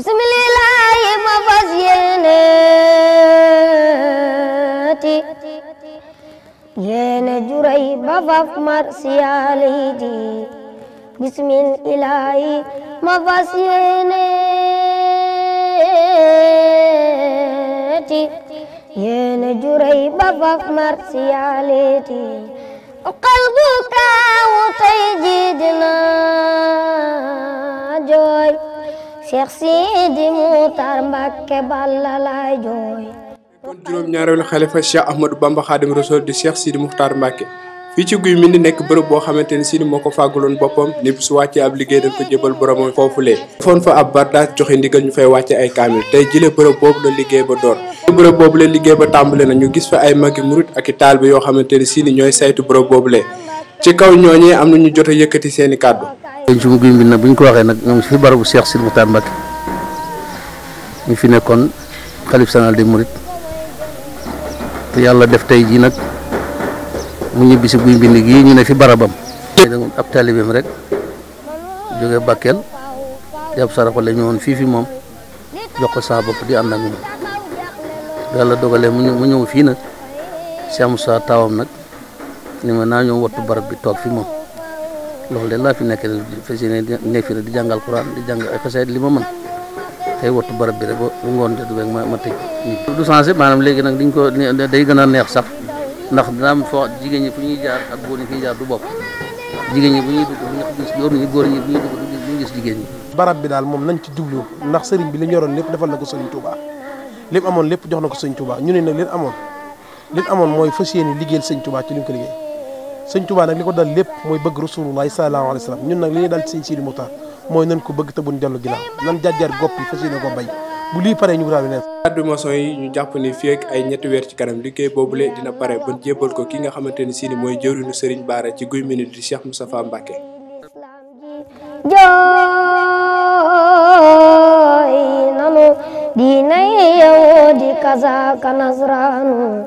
bismillaahi ma fas yéeneeti yéene juray ba faf marsiyaaleeti bismillaahi ma fas yéeneeti yéene juray ba faf marsiyaaleeti qalbu kaawu tey Cheikh Sidi Moutar Mbacke Balla laay jooy. kon juróom-ñaareelu xalifa Cheikh Ahmadou Bamba Xaadim Rasuul di Cheikh Sidi Moutar Mbacke fii ci guy mbind nekk bërëb boo xamante ni Sidi moo ko fàggaloon boppam ni su wàccee ab liggéey dañ ko jëbal boromam foofulee defoon fa ab bardaas joxe ndigal ñu fay wàcce ay kaamil tey jile bërëb boobu la liggéey ba door bërëb boobu la liggéey ba tàmbale na ñu gis fa ay magi murit ak taal bi yoo xamante ni Sidi ñooy saytu bërëb boobu le ci kaw ñooñee am na ñu jot yëkkati seen kàddu pencum guy mbind nag bu ñu ko waxee nag ñoo ngi ci barabu Cheikh Sidi Muxtaar Mbacke ñu fi nekkoon xalif général des mourides te yàlla def tey jii nag mu ñibbi si guy mbind gii ñu ne fi barabam ab taalibeem rek jóge Bakel di ab sarafa ñëwoon fii fi moom jox ko saa di ànd ak moom yàlla dogalee mu ñëw fii nag Cheikh Moussa taawam nag ni ma naa ñëw wattu barab bi toog fi moom loolu de laa fi nekk fas yéene nekk fi di jàngal Quran di jàng ay xasaayid li ma mën tey wattu barab bi rek ba ngoon jot beeg ma ma tëj. du changé maanaam léegi nag diñ ko day gën a neex sax ndax dina am foo jigéen ñi fu ñuy jaar ak góor ñi fi ñuy jigéen ñi góor ñi góor ñi gis jigéen ñi. barab bi daal moom nañ ci jublu ndax sëriñ bi li ñu yoroon lépp defal na ko sëriñ Touba amoon lépp jox na ko sëriñ Touba ñu ne nag leen amoon leen amoon mooy fas yéene liggéeyal sëriñ Touba ci li ñu liggéey sëñ Tuubaa nag li ko dal lépp mooy bëgg rasulullahi sallallahu alayhi wa sallam ñun nag li ñuy dal sëñ Sidi Muxtaar mooy nan ko bëgg te buñ dellu ginnaaw nan jàjjar gopp yi fas yéene ko bay bu lii paree ñu wutaabi leen kàddu maçon yi ñu jàpp ni fii ak ay ñetti weer ci kanam liggéey boobule dina pare ba jébbal ko ki nga xamante ni si ni mooy jëwriñu sëriñ Baara ci guy minute di Cheikh Moustapha Mbacké jooy nanu diinay yow di kasaaka nasraanu